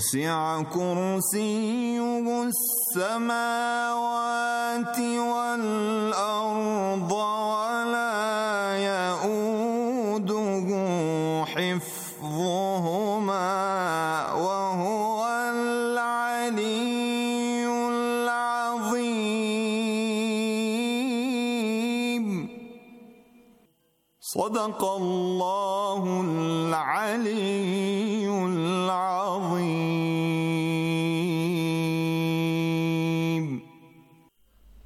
وسع كرسيه السماوات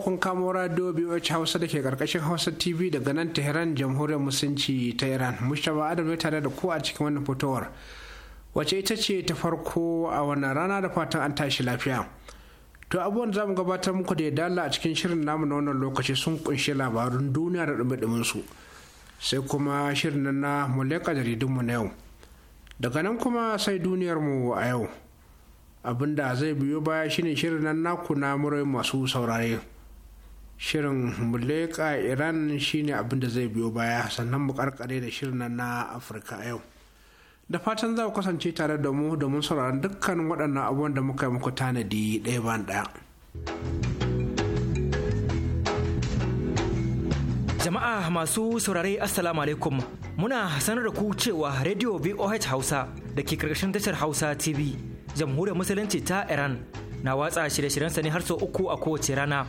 kun kamo radio BOH Hausa da ke karkashin Hausa TV daga nan Tehran jamhuriyar musulunci ta Iran. Mustapha Adam ne tare da ku a cikin wannan fitowar. Wace ita ce ta farko a wannan rana da fatan an tashi lafiya. To abubuwan za mu gabatar muku da ya dala a cikin shirin namu na wannan lokaci sun kunshi labarun duniya da dumi su. Sai kuma shirin nan na jaridun jaridunmu na yau. Daga nan kuma sai duniyarmu a yau. Abinda zai biyo baya shine shirin nan naku na murai masu saurare shirin muleka iran shine abin da zai biyo baya sannan mu karkare da shirin na afirka yau da fatan za ku kasance tare da mu domin sauraron dukkan waɗannan abubuwan da muka yi muku tanadi ɗaya ban ɗaya jama'a masu saurare assalamu alaikum muna sanar da ku cewa radio voh hausa da ke karkashin tashar hausa tv jamhuriyar musulunci ta iran na watsa shirye shiryen sa ne har sau uku a kowace rana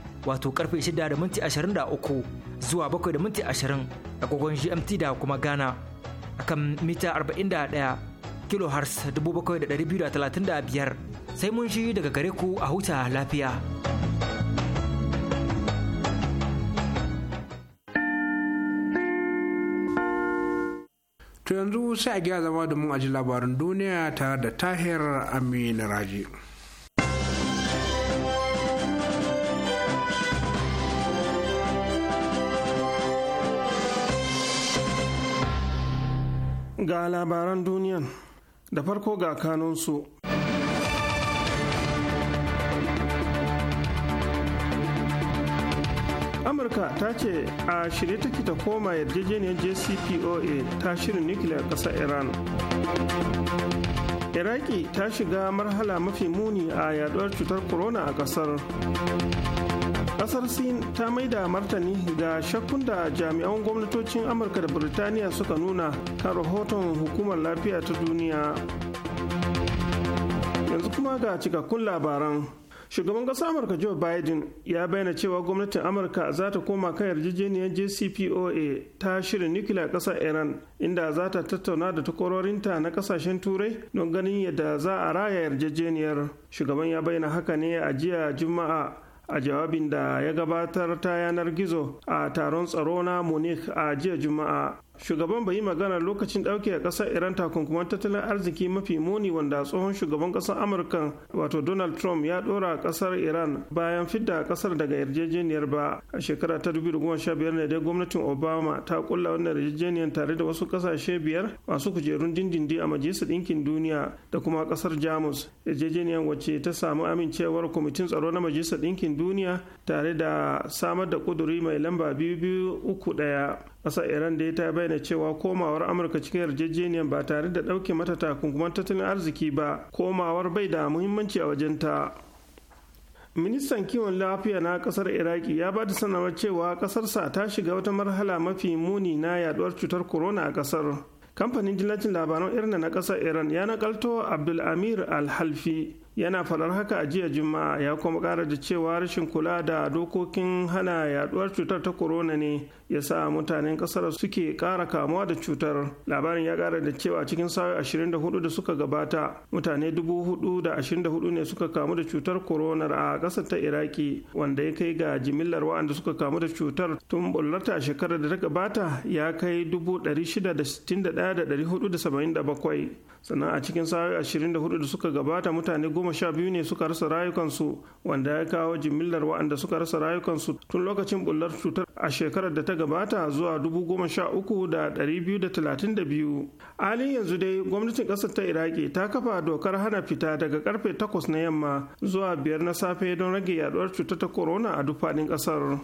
wato karfe 6:23 da zuwa 720 da agogon GMT da kuma Ghana akan mita 41 kilohertz 7,235 sai mun shi daga gare ku a huta lafiya. To yanzu sai a gyara zama da a aji labarin duniya tare da Tahir Amin Raji. ga labaran duniyan da farko ga kanunsu. amurka ta ce a shirye take ta koma yarjejeniyar jcpoa ta shirin nukiliyar ƙasar iran iraki ta shiga marhala mafi muni a yaduwar cutar corona a ƙasar kasar sin ta maida martani ga shakkun da jami'an gwamnatocin amurka da birtaniya suka nuna kan rahoton hukumar lafiya ta duniya yanzu kuma ga cikakkun labaran shugaban ƙasar amurka joe biden ya bayyana cewa gwamnatin amurka za ta koma kan yarjejeniyar jcpoa ta shirin nukiliya ƙasar iran inda za ta tattauna da takwarorinta na kasashen turai don ganin yadda za a raya yarjejeniyar shugaban ya bayyana haka ne a jiya juma'a a jawabin da ya gabatar ta yanar gizo a taron tsaro na munich a jiya juma'a shugaban bai yi magana lokacin ɗauke a ƙasar iran takunkuman tattalin arziki mafi muni wanda tsohon shugaban ƙasar amurka wato donald trump ya ɗora a ƙasar iran bayan fidda ƙasar daga yarjejeniyar ba a shekara ta 2015 ne dai gwamnatin obama ta kulla wannan yarjejeniyar tare da wasu ƙasashe biyar masu kujerun dindindi a majalisar ɗinkin duniya da kuma ƙasar jamus yarjejeniyar wacce ta samu amincewar kwamitin tsaro na majalisar ɗinkin duniya tare da samar da ƙuduri mai lamba biyu biyu uku ɗaya ƙasar iran da ta bayyana cewa komawar amurka cikin yarjejeniyar ba tare da ɗauke mata takunkuman tattalin arziki ba komawar bai da muhimmanci a wajenta ministan kiwon lafiya na ƙasar iraki ya ba da sanarwar cewa ƙasarsa ta shiga wata marhala mafi muni na yaduwar cutar corona a ƙasar. kamfanin dillacin labaran irna na kasar iran ya nakalto abdul amir al-halfi yana faɗar haka a jiya juma'a ya kuma ƙara da cewa rashin kula da dokokin hana yaduwar cutar ta corona ne ya sa mutanen ƙasar suke ƙara kamuwa da cutar labarin ya ƙara da cewa cikin sa'o'i ashirin da hudu da suka gabata mutane dubu hudu da da ashirin hudu ne suka kamu da cutar Korona a ƙasar ta iraki wanda ya kai ga jimillar waɗanda suka kamu da cutar tun bullarta a shekarar da ta gabata ya kai dubu shida da da da da da sittin hudu bakwai sannan a cikin sa'o'i hudu da suka gabata mutane goma sha biyu ne suka rasa rayukansu wanda ya kawo jimillar waɗanda suka rasa rayukansu tun lokacin bullar cutar a shekarar da ta gabata zuwa dubu goma sha uku da ɗari biyu da talatin da biyu. halin yanzu dai gwamnatin ƙasar ta iraki ta kafa dokar hana fita daga karfe takwas na yamma zuwa biyar na safe don rage yaduwar cutar ta corona a duk faɗin ƙasar.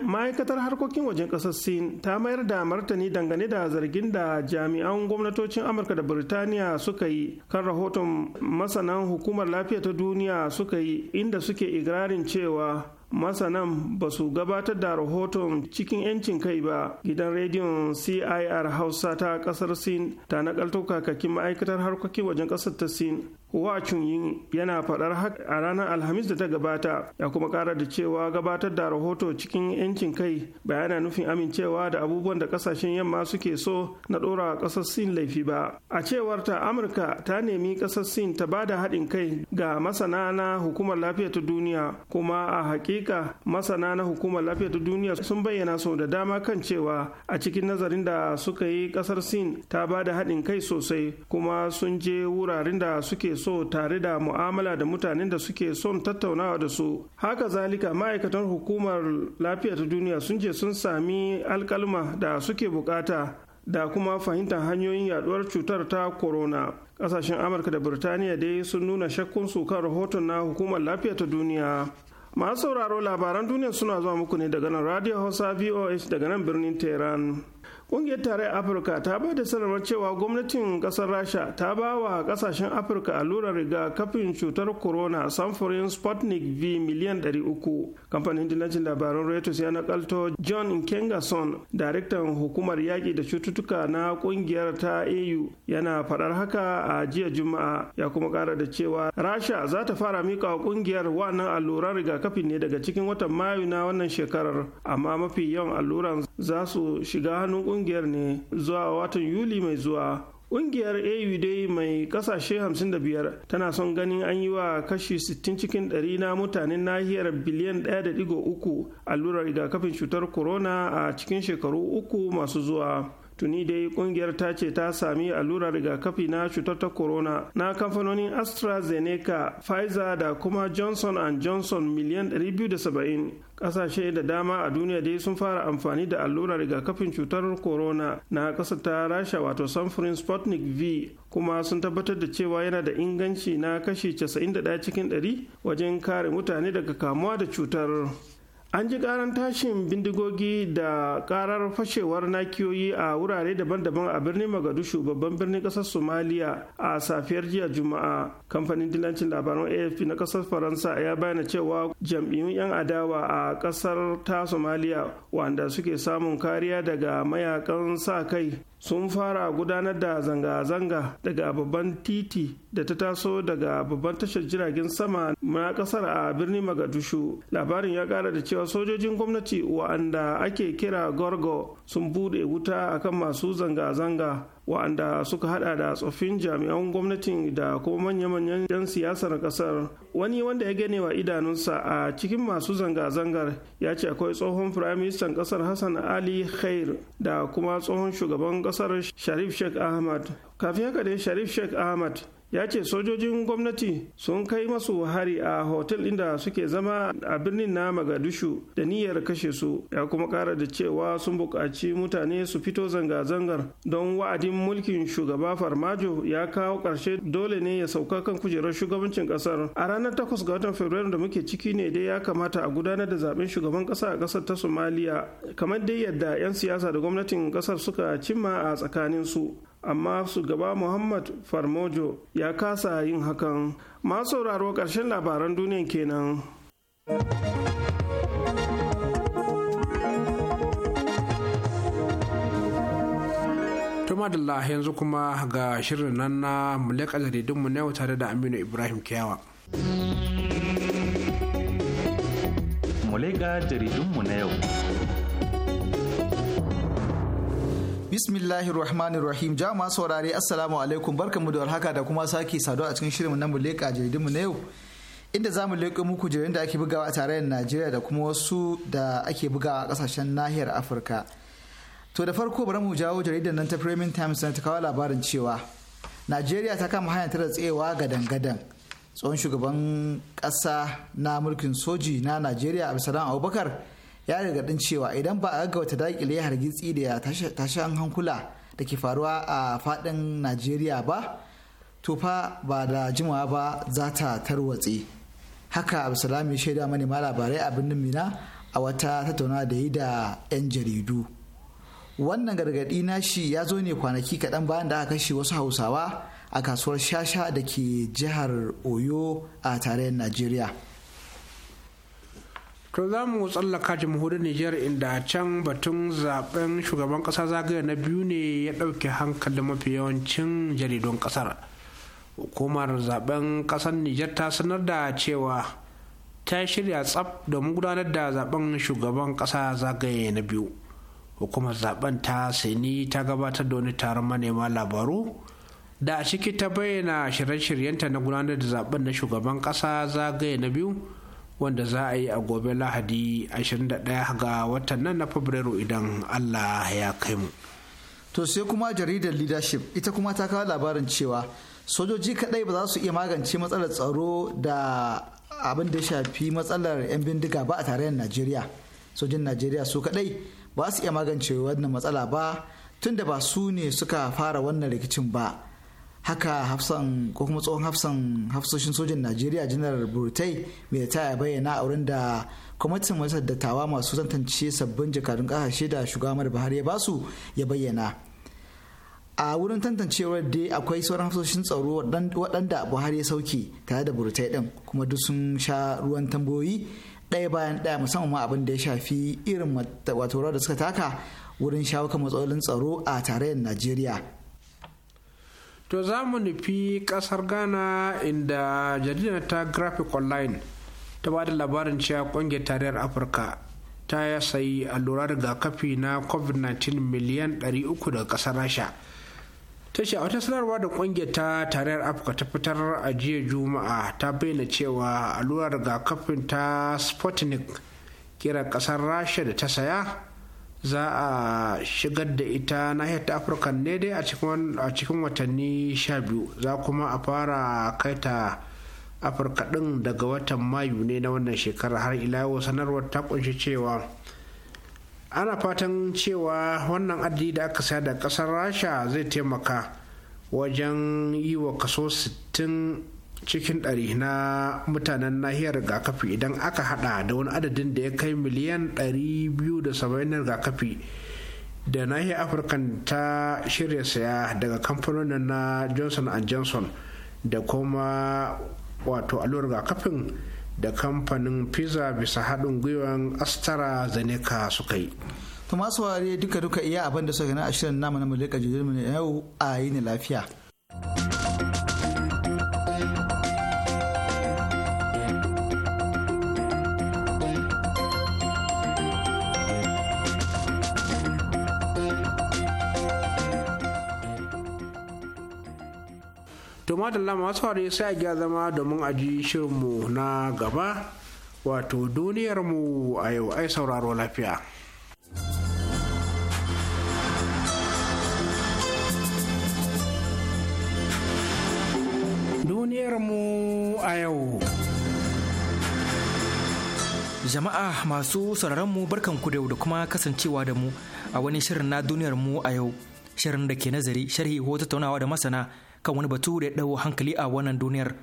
ma'aikatar harkokin wajen ƙasar sin ta mayar da martani dangane da zargin da jami'an gwamnatocin amurka da birtaniya suka yi kan rahoton masanan hukumar lafiya ta duniya suka yi inda suke igrarin cewa masanan ba su gabatar da rahoton cikin 'yancin kai ba gidan rediyon cir hausa ta kasar sin ta nakalto kakakin ma'aikatar harkokin wajen kasar ta sin wa yin yana faɗar a ranar Alhamis da ta gabata ya kuma ƙara da cewa gabatar da rahoto cikin 'yancin kai ba yana nufin amincewa da abubuwan da ƙasashen yamma suke so na ɗora ƙasar Sin laifi ba. A cewar ta Amurka ta nemi ƙasar Sin ta bada haɗin kai ga masana na hukumar lafiya ta duniya kuma a hakika masana na hukumar lafiya ta duniya sun bayyana sau da dama kan cewa a cikin nazarin da suka yi ƙasar Sin ta ba da haɗin kai sosai kuma sun je wuraren da suke so tare da mu'amala da mutanen da suke son tattaunawa da su haka zalika ma'aikatan hukumar lafiya ta duniya sun je sun sami alkalma da suke bukata da kuma fahimtar hanyoyin yaduwar cutar ta corona kasashen amurka da birtaniya dai sun nuna shakkunsu kan rahoton na hukumar lafiya ta duniya masu sauraro labaran duniya suna zuwa muku ne daga nan radio hausa voh daga nan birnin tehran Ƙungiyar tarayyar Afirka ta ba da sanarwar cewa gwamnatin ƙasar Rasha ta ba wa ƙasashen Afirka allurar rigakafin cutar corona samfurin Sputnik V miliyan 300. Kamfanin dillancin labarun Reuters ya nakalto John Kengason, daraktan hukumar yaƙi da cututtuka na ƙungiyar ta AU yana faɗar haka a jiya Juma'a ya kuma ƙara da cewa Rasha za ta fara mika wa ƙungiyar wannan allurar rigakafin ne daga cikin watan Mayu na wannan shekarar amma mafi yawan alluran za su shiga hannun kungiyar ne zuwa watan yuli mai zuwa Ƙungiyar AU dai mai ƙasashe 55 tana son ganin an yi wa kashi 60 cikin 100 na mutanen nahiyar biliyan 1.3 allurar rigakafin cutar corona a cikin shekaru uku masu zuwa. tuni dai kungiyar ta ce ta sami allurar rigakafi na cutar ta corona na kamfanonin astrazeneca pfizer da kuma johnson johnson miliyan 270 kasashe da dama a duniya dai sun fara amfani da allurar rigakafin cutar corona na kasa ta rasha wato samfurin sputnik v kuma sun tabbatar da cewa yana da inganci na kashi 91 cikin 100 wajen kare mutane daga kamuwa da cutar. an ji karan tashin bindigogi da karar fashewar nakiyoyi a wurare daban-daban a birnin magadushu babban birnin kasar somaliya a safiyar jiya juma'a kamfanin dilancin labaran afp na kasar faransa ya bayyana cewa jam'iyyun 'yan adawa a kasar ta somaliya wanda suke samun kariya daga mayakan sa kai sun fara gudanar da zanga-zanga daga babban titi da ta taso daga babban tashar jiragen sama na kasar a birnin magadushu labarin ya kara da cewa sojojin gwamnati wa'anda ake kira gorgo sun bude wuta akan masu zanga-zanga wa'anda suka hada da tsoffin jami'an gwamnatin da kuma manya-manyan 'yan siyasar kasar wani wanda ya gane wa idanunsa a cikin masu zanga-zangar ya ce akwai tsohon firaministan kasar hassan ali khair da kuma tsohon shugaban kasar sharif sheikh ahmad kafin haka dai sharif sheikh ahmad ya ce sojojin gwamnati sun kai masu hari a hotel inda suke zama a birnin na magadishu da niyyar kashe su ya kuma kara da cewa sun buƙaci mutane su fito zanga-zangar don wa'adin mulkin shugaba farmajo ya kawo ƙarshe dole ne ya sauka kan kujerar shugabancin ƙasar a ranar 8 ga watan fabrairu da muke ciki ne dai ya kamata a gudanar da zaben shugaban ƙasa a ƙasar ta somaliya kamar dai yadda 'yan siyasa da gwamnatin ƙasar suka cimma a tsakanin su amma su shugaba muhammad farmojo ya kasa yin hakan masu sauraro ƙarshen labaran duniya kenan. madalla yanzu kuma ga shirin nan na mulek jaridunmu na yau tare da aminu ibrahim kiyawa mulek jaridunmu na yau Bismillahir Rahmanir Rahim. saurare Assalamu alaikum barkamu da warhaka da kuma sake saduwa a cikin shirin nan mu jaridun mu na yau. Inda zamu leka muku jaridun da ake bugawa a tarayyar Najeriya da kuma wasu da ake bugawa a kasashen nahiyar Afirka. To da farko bari mu jawo jaridar nan ta Premium Times ta kawo labarin cewa Najeriya ta kama hanyar tara tsayewa ga gadan Tsohon shugaban kasa na mulkin soji na Najeriya Abdulsalam Abubakar ya gargadin cewa idan ba a gaggauta dakile hargitsi da tashin hankula da ke faruwa a faɗin najeriya ba to fa ba da jimawa ba za ta tarwatse haka absalami shaida manema labarai a birnin mina a wata tattauna da yi da 'yan jaridu wannan gargaɗi nashi ya zo ne kwanaki kaɗan bayan da aka kashe wasu hausawa a kasuwar shasha da ke jihar oyo a tarayyar najeriya to za mu tsallaka jamhuriyar niger inda can batun zaben shugaban kasa zagaya na biyu ne ya ɗauki hankalin mafi yawancin jaridun kasar hukumar zaben kasar Nijar ta sanar da cewa ta shirya tsaf da gudanar da zaben shugaban kasa zagaya na biyu hukumar zaben ta Sani ta gabatar da wani taron manema labaru da a ciki ta bayyana shirye-shiryenta na gudanar da zaben na shugaban kasa zagaya na biyu wanda za a yi a gobe lahadi 21 ga watan nan na fabrairu idan allah ya kai mu to sai kuma jaridar leadership ita kuma ta kawo labarin cewa sojoji kadai ba za su iya magance matsalar tsaro da abin da shafi matsalar 'yan bindiga ba a tarayyar najeriya sojin najeriya su kadai ba su iya magance wannan matsala ba tunda ba su ne suka fara wannan rikicin ba haka hafsan ko kuma tsohon hafsan hafsoshin sojan najeriya janar burtai mai ta bayyana a wurin da kwamitin majalisar dattawa masu tantance sabbin jakadun kasashe da shugaban buhari ya basu ya bayyana a wurin tantancewar dai akwai sauran hafsoshin tsaro waɗanda buhari ya sauke tare da burtai ɗin kuma duk sun sha ruwan tambayoyi ɗaya bayan ɗaya musamman ma abin da ya shafi irin wato da suka taka wurin shawo kan matsalolin tsaro a tarayyar najeriya to za mu nufi kasar ghana inda jaridar ta graphic online ta ba da labarin cewa kungiyar tarayyar afirka ta sayi allura rigakafi na covid-19 miliyan 300 daga kasar rasha ta ce a wata sanarwa da kungiyar ta tarayyar afirka ta fitar a jiya juma'a ta bayyana cewa allurar rigakafin ta sputnik kira kasar rasha da ta saya za a shigar da ita nahiyar ta afirka ne dai a cikin watanni sha biyu za kuma a fara kai ta afirka din daga watan mayu ne na wannan shekarar har ila yau sanarwar ta kunshi cewa ana fatan cewa wannan adadi da aka saya da kasar rasha zai taimaka wajen yi wa kaso 60 cikin ɗari na mutanen nahiyar rigakafi idan aka hada da wani adadin da ya kai miliyan 270 saba'in rigakafi da nahiyar afirka ta shirya saya daga kamfanonin na johnson johnson da kuma wato allurar rigakafin da kamfanin pizza bisa haɗin gwiwan astrazeneca suka yi to masu ware duka duka iya abin suka gani a shirin namu na mulika jirgin yau a yi lafiya. to madalla masu hari sai a gya zama domin a ji shirinmu na gaba wato duniyarmu a yau ai sauraro lafiya duniyarmu a yau jama'a masu mu barkanku da da kuma kasancewa da mu a wani shirin na duniyarmu a yau shirin da ke nazari sharhi ko tattaunawa da masana kan wani batu da ya ɗau hankali a wannan duniyar.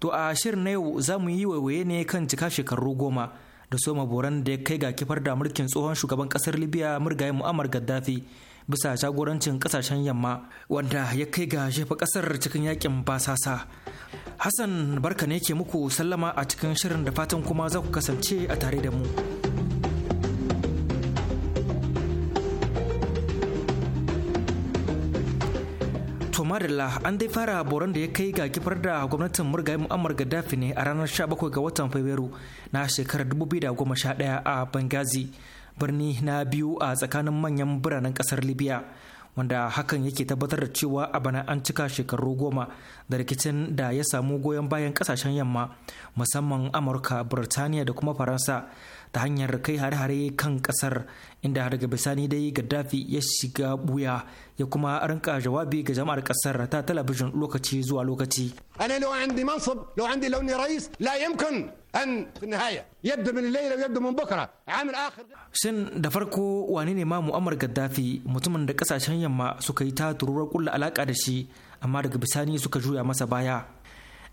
To a shirin na yau za mu yi waiwaye ne kan cika shekaru goma da soma boran da ya kai ga kifar da mulkin tsohon shugaban ƙasar Libya murgaye Muammar Gaddafi bisa jagorancin ƙasashen yamma wanda ya kai ga jefa ƙasar cikin yakin basasa. Hassan barka ne ke muku sallama a cikin shirin da fatan kuma za ku kasance a tare da mu. madalla an dai fara boron da ya kai ga kifar da gwamnatin murgaye mu'ammar gaddafi ne a ranar 17 ga watan fabrairu na shekarar 2011 a benghazi birni na biyu a tsakanin manyan biranen kasar libya wanda hakan yake tabbatar da cewa a bana an cika shekaru goma da rikicin da ya samu goyon bayan kasashen yamma musamman amurka burtaniya da kuma faransa ta hanyar kai hare-hare kan kasar inda daga bisani dai gaddafi ya shiga buya ya kuma rinka jawabi ga jama'ar kasar ta talabijin lokaci zuwa lokaci ana lau andi mansab lau andi launi rais la yamkin an nihaya yadda min laila yadda min bakara amil akhir shin da farko wani ne ma mu'ammar gaddafi mutumin da kasashen yamma suka yi ta turuwar kulla alaka da shi amma daga bisani suka juya masa baya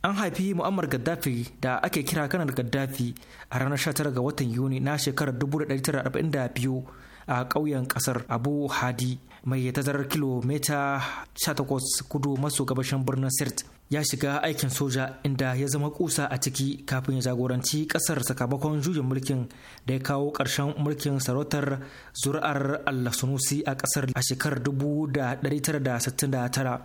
an haifi mu'ammar gaddafi da ake kira kanar gaddafi a ranar 19 ga watan yuni na shekarar 1942 a ƙauyen ƙasar abu hadi mai tazarar kilomita 18 kudu maso gabashin birnin sirt ya shiga aikin soja inda ya zama kusa a ciki kafin ya jagoranci ƙasar sakamakon juyin mulkin da ya kawo ƙarshen mulkin sarautar zuri'ar allah sunusi a kasar a shekarar 1969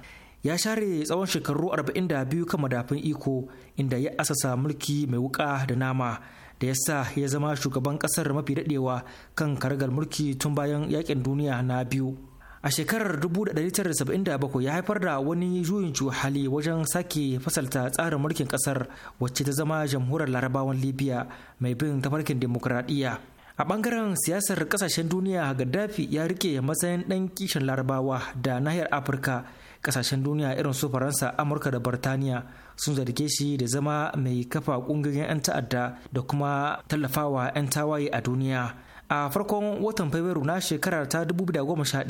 ya share tsawon shekaru 42 kan madafin iko inda ya asasa mulki mai wuka da nama da ya sa ya zama shugaban kasar mafi daɗewa kan karagar mulki tun bayan yakin duniya na biyu a shekarar 1977 ya haifar da wani juyin hali wajen sake fasalta tsarin mulkin kasar wacce ta zama jamhuriyar larabawan libya mai bin tafarkin demokuraɗiyya a bangaren siyasar kasashen duniya gaddafi ya rike matsayin ɗan kishin larabawa da nahiyar afirka kasashen duniya irin su faransa amurka da birtaniya sun zarge shi da zama mai kafa kungiyar 'yan ta'adda da kuma tallafawa 'yan tawaye a duniya a farkon watan fabrairu na shekarar ta 2011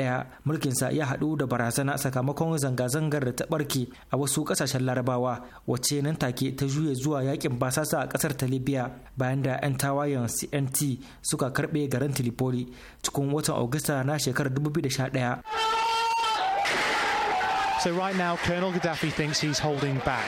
mulkinsa ya haɗu da barazana sakamakon zanga-zangar da ta ɓarke a wasu ƙasashen larabawa wacce nan take ta juya zuwa yakin basasa a kasar ta libya bayan da 'yan tawayen cnt suka karɓe garin tripoli cikin watan augusta na shekarar 2011 So right now, Colonel Gaddafi thinks he's holding back.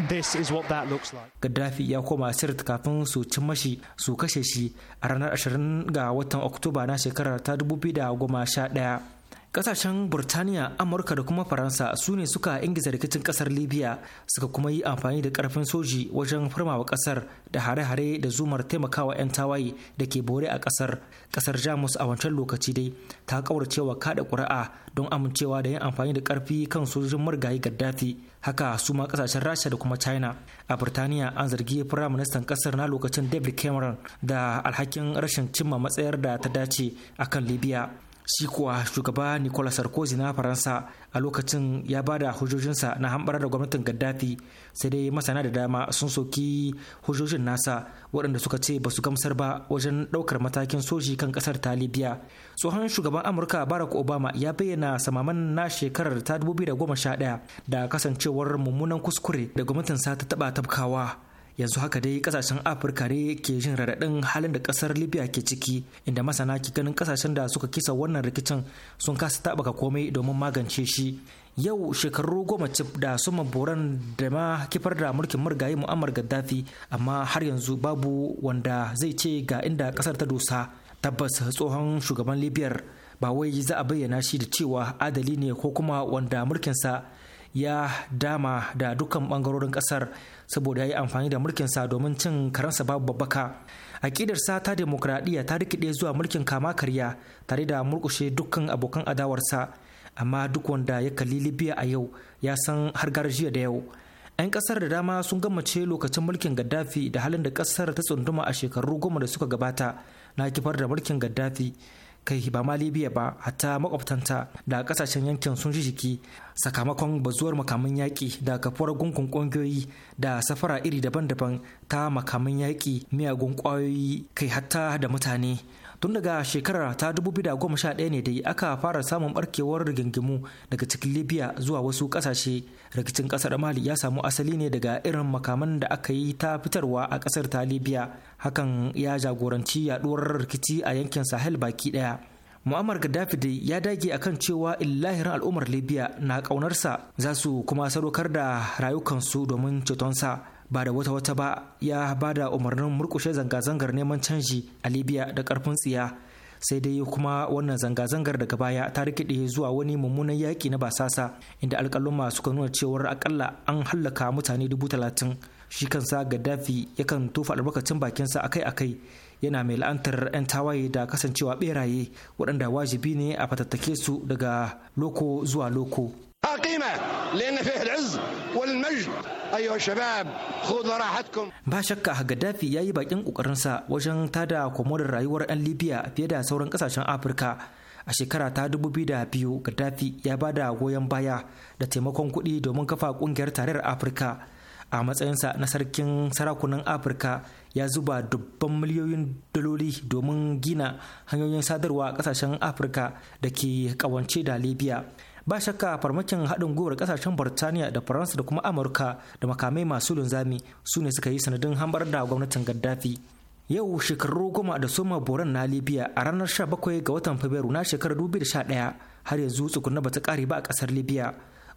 And this is what that looks like. Gaddafi ya koma Sirt kafin su ci shi su kashe shi a ranar 20 ga watan Oktoba na shekarar ta 2011. kasashen burtaniya amurka da kuma faransa su ne suka ingiza rikicin kasar libya suka kuma yi amfani da karfin soji wajen farmawa kasar da hare-hare da zumar taimakawa 'yan tawaye da ke bore a kasar kasar jamus a wancan lokaci dai ta cewa kada kuri'a don amincewa da yin amfani da karfi kan sojojin marigayi gaddafi haka su ma kasashen rasha da kuma china a burtaniya an zargi firaministan kasar na lokacin david cameron da alhakin rashin cimma matsayar da ta dace akan libya shi kuwa shugaba nicolas sarkozy na faransa a lokacin ya ba da hujjojinsa na hambarar da gwamnatin gaddafi sai dai masana da dama sun soki hujjojin nasa waɗanda suka ce ba su gamsar ba wajen ɗaukar matakin soji kan ƙasar ta libya tsohon shugaban amurka barack obama ya bayyana samaman na shekarar ta 2011 da kasancewar mummunan kuskure da gwamnatinsa ta taɓa tabkawa yanzu haka dai kasashen afirka ne ke jin raɗaɗin halin da ƙasar libya ke ciki inda masana ke ganin kasashen da suka kisa wannan rikicin sun kasa taɓaka komai domin magance shi yau shekaru goma cif da suma boran da ma kifar da mulkin murgaye mu'ammar gaddafi amma har yanzu babu wanda zai ce ga inda ƙasar ta dosa tabbas tsohon shugaban libyar ba wai za a bayyana shi da cewa adali ne ko kuma wanda mulkinsa ya dama da dukkan bangarorin kasar saboda ya yi amfani da mulkin sa domin cin karansa babu babbaka aƙidarsa ta demokradiyya ta rikide zuwa mulkin kama karya tare da murkushe dukkan abokan adawarsa amma duk wanda ya kalli libya a yau ya san har garjiya da yau 'yan kasar da dama sun gamace lokacin mulkin gaddafi da halin da kasar ta tsunduma a shekaru goma da suka gabata na kifar da mulkin gaddafi kai ba ma libya ba hatta makwabtanta da kasashen yankin sun shishiki jiki sakamakon bazuwar makaman yaƙi da kafuwar gungun ƙungiyoyi da safara iri daban-daban ta makaman yaƙi miyagun ƙwayoyi kai hatta da mutane tun daga shekarar ta sha ɗaya ne da aka fara samun barkewar rigingimu daga cikin libya zuwa wasu kasashe rikicin ƙasar mali ya samu asali ne daga irin makaman da aka yi ta fitarwa a ƙasar ta libya hakan ya jagoranci yaduwar rikici a yankin sahel baki ɗaya. mu'ammar gaddafi dai ya dage akan cewa illahirin al'ummar libya na ƙaunarsa, za su kuma sadaukar da rayukansu domin cetonsa ba da wata wata ba ya ba da umarnin murkushe zanga-zangar neman canji a libya da karfin tsiya sai dai kuma wannan zanga-zangar daga baya ta rikide zuwa wani mummunan yaƙi na basasa inda alkaloma suka nuna cewar akalla an hallaka mutane dubu talatin shi kansa gaddafi yakan tofa albarkacin bakinsa akai-akai yana mai la'antar 'yan tawaye da kasancewa beraye waɗanda wajibi ne a fatattake su daga loko zuwa loko قيمة لأن فيه العز والمجد أيها الشباب خذوا راحتكم ba shakka Gaddafi ya yi bakin kokarinsa wajen tada komodar rayuwar 'yan Libya fiye da sauran kasashen Afirka a shekara ta biyu Gaddafi ya ba da goyon baya da taimakon kuɗi domin kafa ƙungiyar tarayyar Afirka a matsayinsa na sarkin sarakunan Afirka ya zuba dubban miliyoyin daloli domin gina hanyoyin sadarwa ƙasashen kasashen Afirka da ke kawance da Libya ba shakka farmakin haɗin gwiwar ƙasashen burtaniya da faransa da kuma amurka da makamai masu linzami su ne suka yi sanadin hambar da gwamnatin gaddafi yau shekaru goma da soma boran na libya a ranar 17 ga watan fabrairu na shekarar 2011 har yanzu tsugunna bata kare ba a kasar libya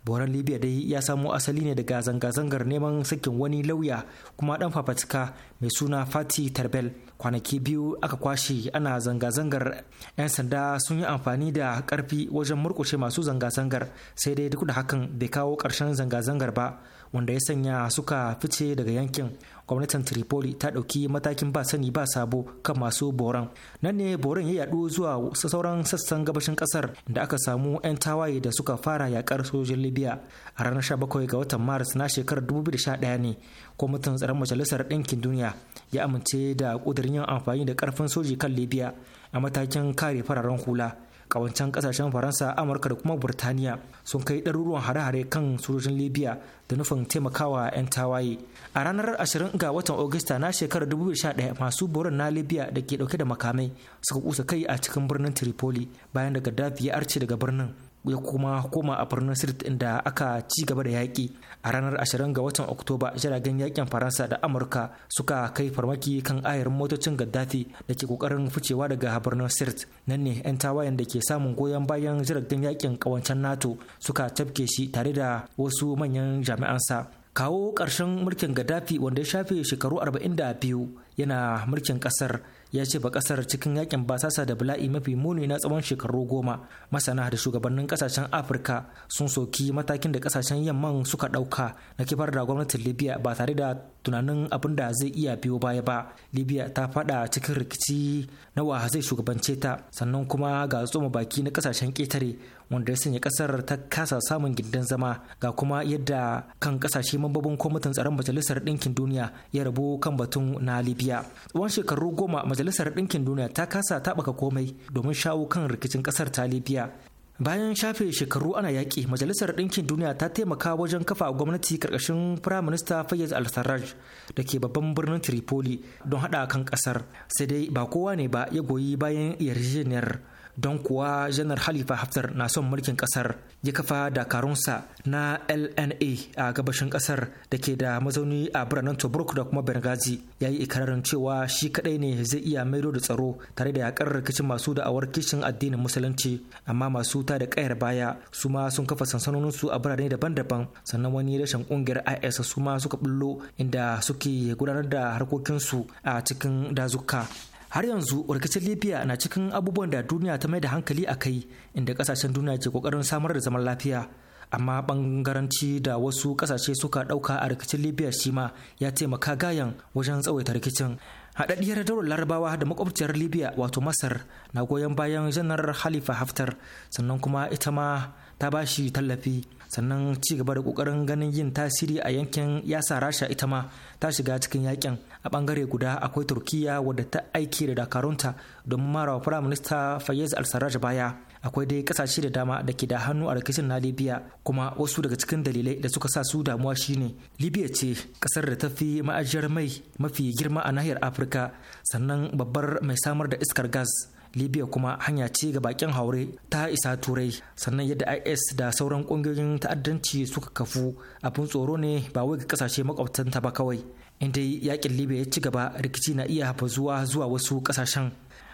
boran libya dai ya samo asali ne daga zanga-zangar neman sakin wani lauya kuma dan fafatika mai suna fati tarbel kwanaki biyu aka kwashe ana zanga-zangar 'yan sanda sun yi amfani da karfi wajen murkushe masu zanga-zangar sai dai duk da hakan bai kawo karshen zanga-zangar ba wanda ya sanya suka fice daga yankin gwamnatin tripoli ta ɗauki matakin ba sani ba sabo kan masu boran nan ne boran ya yadu zuwa sauran sassan gabashin ƙasar da aka samu 'yan tawaye da suka fara yaƙar sojin libya a ranar 17 ga watan maris na shekarar 2011 ne kwamitin tsaron majalisar ɗinkin duniya ya amince da ƙudurin yin amfani da ƙarfin soji kan libya a matakin kare fararen hula kawancan kasashen faransa amurka da kuma burtaniya sun kai ɗaruruwan hare-hare kan sojojin libya da nufin taimakawa 'yan tawaye a ranar 20 ga watan augusta na shekarar 2011 masu borin na libya da ke dauke da makamai suka kusa kai a cikin birnin tripoli bayan da gaddafi ya arce daga birnin ya kuma koma a birnin sirt inda aka ci gaba da yaƙi a ranar 20 ga watan oktoba jiragen yaƙin faransa da amurka suka kai farmaki kan ayarin motocin gaddafi da ke kokarin ficewa daga birnin sirt nan ne 'yan tawayen da ke samun goyon bayan jiragen yakin kawancen nato suka tafke shi tare da wasu manyan jami'ansa kawo ƙarshen mulkin gaddafi wanda ya shafe shekaru 42 yana mulkin ƙasar ya ce ba kasar cikin yakin basasa da bala'i mafi muni na tsawon shekaru goma masana da shugabannin kasashen afirka sun soki matakin da kasashen yamman suka dauka na kifar da gwamnatin libya ba tare da tunanin abin da zai iya biyo baya ba libya ta fada cikin rikici na wa zai shugabance ta sannan kuma ga tsoma baki na kasashen ketare wanda ya sanya kasar ta kasa samun gindin zama ga kuma yadda kan kasashe mambobin kwamitin tsaron majalisar ɗinkin duniya ya rabu kan batun na libya tsawon shekaru goma majalisar ɗinkin duniya ta kasa taɓaka komai domin shawo kan rikicin ƙasar ta libya bayan shafe shekaru ana yaƙi majalisar ɗinkin duniya ta taimaka wajen kafa gwamnati ƙarƙashin firayim minista fayyaz al sarraj da ke babban birnin tripoli don haɗa kan ƙasar sai dai ba kowa ne ba ya goyi bayan yarjejeniyar don kuwa janar halifa haftar na son mulkin kasar ya kafa dakarunsa na lna a gabashin kasar da ke da mazauni a biranen tobruk da kuma benghazi ya yi ikirarin cewa shi kadai ne zai iya maido da tsaro tare da yakar rikicin masu da'awar kishin addinin musulunci amma masu ta da kayar baya su ma sun kafa sansanoninsu a birane daban-daban sannan wani rashin kungiyar is su ma suka bullo inda suke gudanar da harkokinsu a cikin dazuka har yanzu rikicin libya na cikin abubuwan da duniya ta mai da hankali a kai inda kasashen duniya ke kokarin samar da zaman lafiya amma bangaranci da wasu kasashe suka dauka a rikicin libya shi ma ya taimaka gayan wajen tsawaita rikicin haɗaɗɗiyar daular larabawa da makwabciyar libya wato masar na goyon bayan janar halifa haftar sannan kuma ita ma ta ba shi tallafi sannan ci gaba da ƙoƙarin ganin yin tasiri a yankin yasa rasha ita ma ta shiga cikin yakin a bangare guda akwai turkiya wadda ta aiki da dakarunta don marawa firaminista fayez al-sarraj baya akwai dai kasashe da dama da ke da hannu a rikicin na libya kuma wasu daga cikin dalilai da suka sa su damuwa shine libya ce kasar da ta fi ma'ajiyar mai mafi girma a nahiyar afirka sannan babbar mai samar da iskar gas libya kuma hanya ce ga bakin haure ta isa turai sannan yadda is da sauran kungiyoyin ta'addanci suka kafu abin tsoro ne ba wai ga kasashe makwabtanta ba kawai inda yakin libya ya ci gaba rikici na iya hafa zuwa zuwa wasu kasashen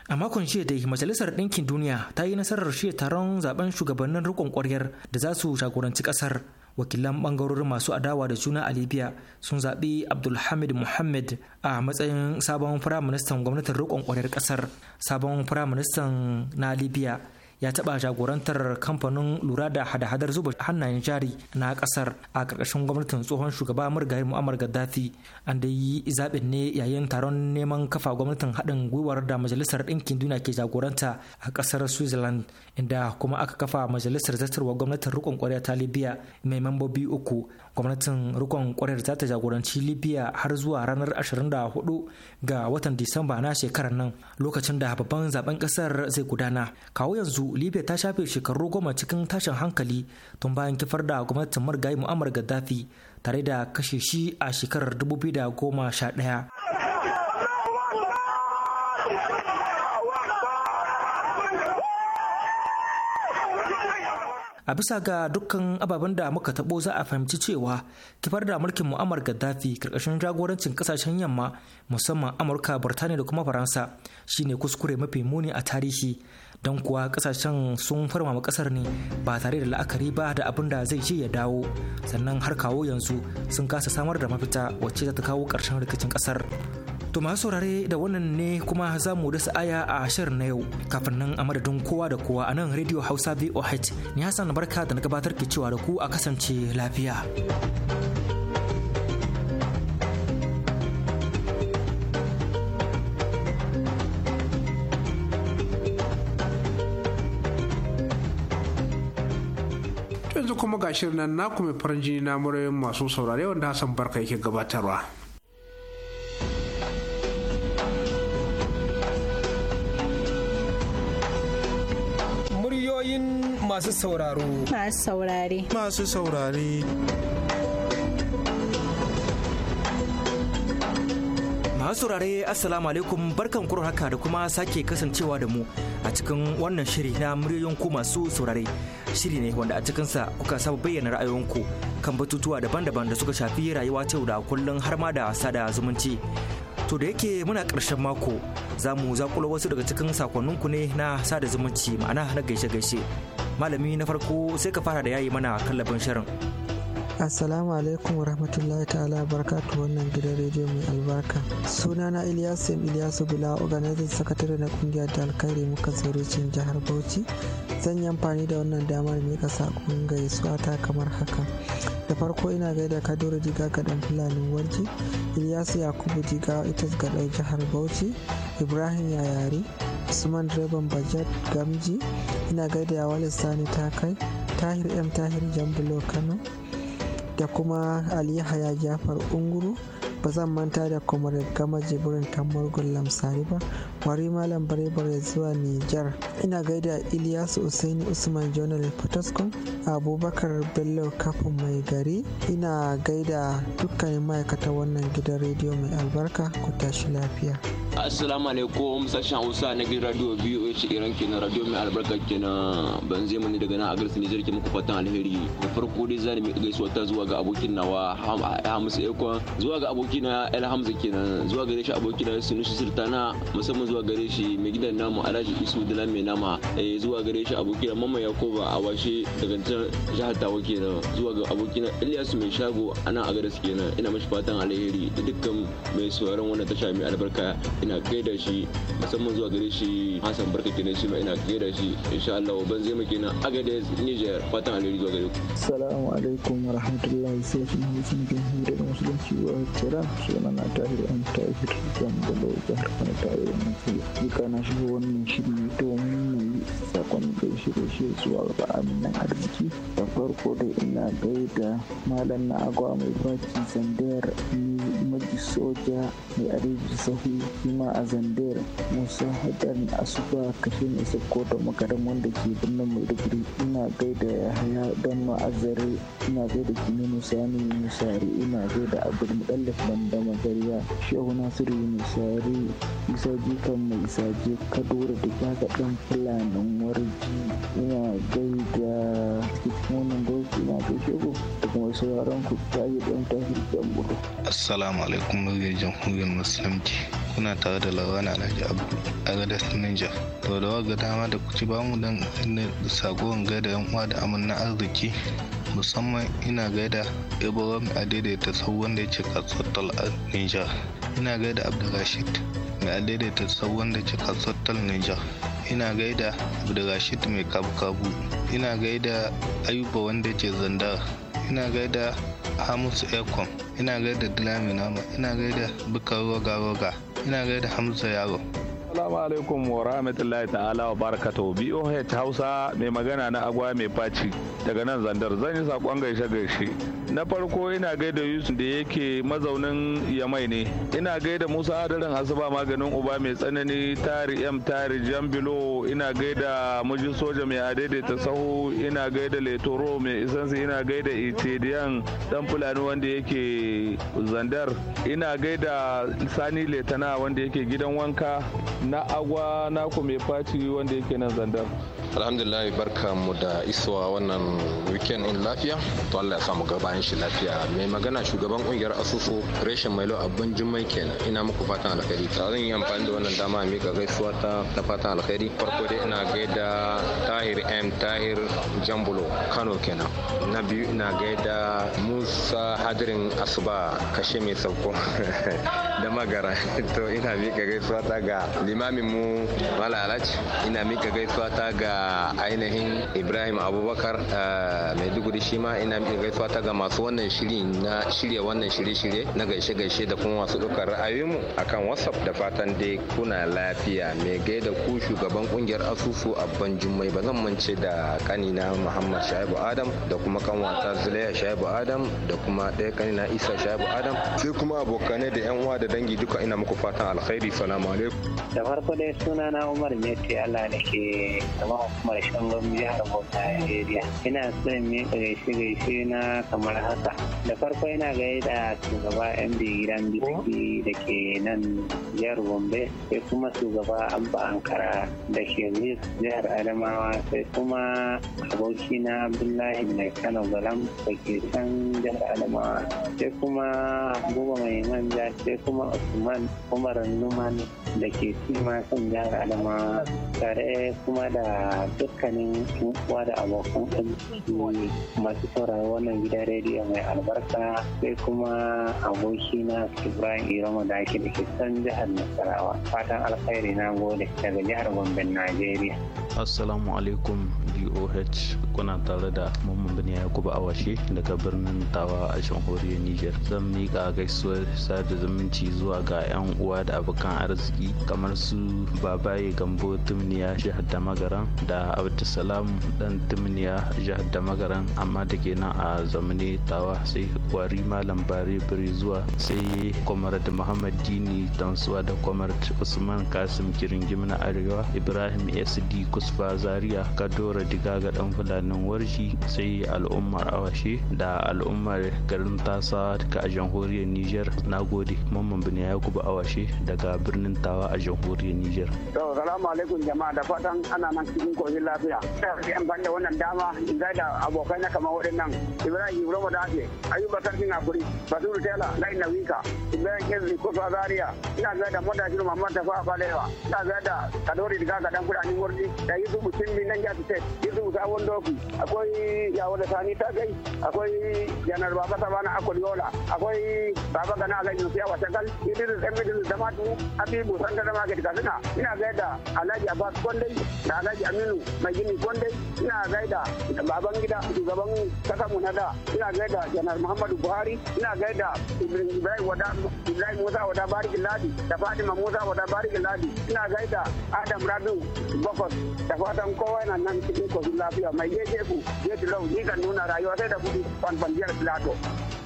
a makon jiya dai majalisar ɗinkin duniya ta yi nasarar shirya taron zaben shugabannin rikon ƙwaryar da za su jagoranci ƙasar wakilan ɓangarorin masu adawa da juna a libya sun zaɓi abdulhamid muhammad a matsayin sabon firaministan gwamnatin riƙon ƙwaryar ƙasar sabon firaministan na libya ya taɓa jagorantar kamfanin lura da hada-hadar zuba hannayen jari na ƙasar a ƙarƙashin gwamnatin tsohon shugaba murgaye mu'amar gaddafi an da yi zaɓin ne yayin taron neman kafa gwamnatin haɗin gwiwar da majalisar ɗinkin duniya ke jagoranta a ƙasar switzerland inda kuma aka kafa majalisar zartarwa gwamnatin rukun kwarya ta libya mai mambobi uku gwamnatin rukun kwaryar za ta jagoranci libya har zuwa ranar 24 ga watan disamba na shekarar nan lokacin da babban zaben kasar zai gudana kawo yanzu libya ta shafe shekaru goma cikin tashin hankali tun bayan kifar da gwamnatin marigayi mu'ammar gaddafi tare da kashe shi a shekarar 2011 a bisa ga dukkan ababen da muka tabo za a fahimci cewa kifar da mulkin mu'ammar gaddafi karkashin jagorancin kasashen yamma musamman amurka burtaniya da kuma faransa shine kuskure mafi muni a tarihi don kuwa kasashen sun farmama kasar ne ba tare da la'akari ba da abin da zai je ya dawo sannan har kawo yanzu sun kasa samar da mafita wacce za ta kawo ƙarshen rikicin ƙasar. To masu saurare da wannan ne kuma za mu da aya a shirin na yau kafin nan a madadin kowa da kowa a nan Radio Hausa VOH ni Hassan barka da na gabatar ke cewa da ku a kasance lafiya. yanzu kuma ga shirin nan na kuma farin jini na murayen masu saurare wanda Hassan Barka yake gabatarwa. Ra'ayoyin masu sauraro. Masu saurare. Masu saurare. masu rare assalamu alaikum barkan kuro haka da kuma sake kasancewa da mu a cikin wannan shiri na muryoyin ku masu saurare shiri ne wanda a cikinsa kuka saba bayyana ra'ayoyinku kan batutuwa daban-daban da suka shafi rayuwa ta da kullum har ma da sada zumunci To da yake muna ƙarshen mako za mu zakulo wasu daga cikin sakonninku ne na sada zumunci ma'ana na gaishe-gaishe. Malami na farko sai ka fara da yayi mana kallabin shirin. Assalamu alaikum warahmatullahi ta'ala barakatu wannan gidan rediyo mai albarka. Sunana Ilyasu Ilyasu Bila, organizing sakatare na kungiyar da alkhairi muka cin jihar Bauchi. Zan yi amfani da wannan damar mika sakon gaisuwa ta kamar haka. Da farko ina gaida Kaduna Jiga Gadan Fulani Warji, Ilyasu Yakubu Jiga ga Gadau jihar Bauchi, Ibrahim Yayari, Usman Direban Bajat Gamji, ina gaida wale Sani Takai, Tahir M. Tahir Jambulo Kano, da kuma ali ya jafar unguru ba zan manta da comrade gama jibrin tamar gullam sani ba wari malam bare bare zuwa niger. ina gaida ilyasu usaini usman jonal potoskum abubakar bello kafin mai gari ina gaida dukkanin ma'aikatan wannan gidan rediyo mai albarka ku tashi lafiya assalamu alaikum sashen hausa na gidan radio biyu iran kenan radio mai albarka kenan ban zai mani daga nan a garsin nijar ke muku fatan alheri da farko dai zan mai gaisuwa ta zuwa ga abokin nawa hamisu ekon zuwa ga abokin ji na El Hamza kenan zuwa gare shi aboki na Sunusi Sultana musamman zuwa gare shi mai gidan namu Alhaji Isu Dala mai nama eh, zuwa gare shi aboki na Mamman Yakuba a washe daga jihar Tawa kenan zuwa ga aboki na Ilyas mai shago ana a gare kenan ina mashi fatan alheri da dukkan mai sauraron wannan tasha mai albarka ina gaida shi musamman zuwa gare shi Hassan Barka kenan shi ma ina gaida shi insha Allah ban zai maka na Agadez Niger fatan alheri zuwa gare ku. Assalamu alaikum warahmatullahi sai shi ne sun bin hudun musulunci wa Iran suna na tashi an tashi jambalo jihar kano tare da mutu. na shigo wannan shiri domin sakon gaishe shi zuwa ga aminan arziki da farko dai ina gaida malam na agwa mai baki zandar mai soja mai arewa sahu kuma a zandar musa hadar asuba kashe mai sako da makaran wanda ke birnin maiduguri ina gaida yahaya don ma'azare ina gaida kinu musani musari ina gaida abdulmudallaf banda magariya shehu nasiru musari isa jikan mai saje kadura da gaga ɗan fulanin wari ina gaida cikin wannan na da kuma ku ta yi Assalamu alaikum jamhuriyar musulunci. Kuna tare da Laurana Alhaji abu a Gadas Ninja. To da waga dama da kuci bamu dan sakon gaida yan uwa da na arziki musamman ina gaida Ibrahim Adede ta sau wanda ya ce kasuwar Tal'ad Ninja. Ina gaida Abdulrashid ga daidaita tsawon da cika kasuwar Niger. Ina gaida Abdulrashid mai kabu-kabu. Ina gaida Ayuba wanda ke zandara. Ina gaida Hamus Ekom. Ina gaida Dilami Nama. Ina gaida Bukar Roga-Roga. Ina gaida Hamza Yaro. Assalamu alaikum wa rahmatullahi ta'ala wa barakatuhu. BOH Hausa mai magana na agwa mai faci daga nan zandar zan yi sakon gaishe gaishe na farko ina gaida yusuf da yake mazaunin yamai ne ina gaida musa adarin asuba maganin uba mai tsanani tari m tari bilo ina gaida mujin soja mai adaidaita sahu ina gaida letoro mai isansu ina gaida itediyan dan fulani wanda yake zandar ina gaida sani letana wanda yake gidan wanka na agwa naku mai faci wanda yake nan zandar alhamdulillah barka da iswa wannan samu weekend in lafiya to Allah ya samu gabanin shi lafiya mai magana shugaban kungiyar asusu reshen mailo abban jummai kenan ina muku fatan alkhairi zan yi amfani da wannan dama mai mika gaisuwa ta ta fatan alkhairi farko dai ina gaida tahir m tahir jambulo kano kenan na biyu ina gaida musa hadirin asuba kashe mai sauko da magara to ina mika gaisuwa ta ga limamin mu mala alhaji ina mika gaisuwa ta ga ainihin ibrahim abubakar eh, maiduguri shi ma ina mai gaisuwa ta ga masu wannan shiri na shirya wannan shirye-shirye na gaishe-gaishe da kuma masu ɗaukar ra'ayoyinmu akan whatsapp da fatan dai kuna lafiya mai da ku shugaban kungiyar asusu abban jummai ba zan mance da kanina muhammad shaibu adam da kuma kanwata zulaiya shaibu adam da kuma ɗaya kanina isa shaibu adam sai kuma abokanai da yan uwa da dangi duka ina muku fatan alkhairi salamu alaikum da farko dai suna na umar mete allah ne ke zama hukumar shangon jihar bauta a ina son miƙa gaishe-gaishe eh, na kamar haka da farko yana gaida shugaba md gidan biki da ke nan jihar gombe sai kuma shugaba abba ankara da ke jihar adamawa sai kuma aboki na abdullahi mai kano galam da ke can jihar adamawa sai kuma buba mai manja sai kuma usman umar numan da ke cima kan jihar adamawa tare kuma da dukkanin uwa da abokan masu sauraron wannan gidan rediyo mai albarka sai kuma abokina ibrahim iroma da ake da kisan jihar nasarawa fatan alkhairi na gode daga jihar gwamnan najeriya assalamu alaikum DOH kuna tare da mamman bin yakubu awashe daga birnin tawa a shanhoriyar niger zan mika gaisuwar da zumunci zuwa ga yan uwa da abokan arziki kamar su babaye gambo Tumniya shahar da da abdulsalam dan Tumniya? jihar da magaran amma da ke nan a zamani tawa sai wari malam bare biri zuwa sai comrade muhammad dini tansuwa da comrade usman kasim kiringim na arewa ibrahim sd kusfa zaria kadora diga ga dan fulanin warshi sai al'ummar awashe da al'ummar garin tasa ka a jamhuriyar niger na gode mamman bin yakubu awashe daga birnin tawa a jamhuriyar niger to alaikum ana nan cikin lafiya ta yan da wannan dama shiga da abokai na kamar waɗannan ibrahim roba da ake ayuba sarkin hakuri basiru tela lai na wika ibrahim kirli kusa zaria ina ga da madashiru mamman tafa balewa ina ga da kadori da gaga dan kudanin wurdi da yusuf mutum nan jati state yusuf sabon doki akwai yawo da sani ta gai akwai janar baba sabana akwai yola akwai baba gana alhaji nufiya wata gal idris dan idris da matu habibu sanda da market kasina ina ga da alhaji abbas kondai da alhaji aminu mai gini kondai ina ga da baban gida shugaban kasa mu na da ina da janar muhammadu buhari ina gaida ibrahim ibrahim musa wada bari ladi da fatima musa wada bari ladi ina da adam radu bakwas da fatan kowa yana nan cikin kwasu lafiya mai yake ku yadda lau ni kan nuna rayuwa sai da kudi kwan jiyar plato.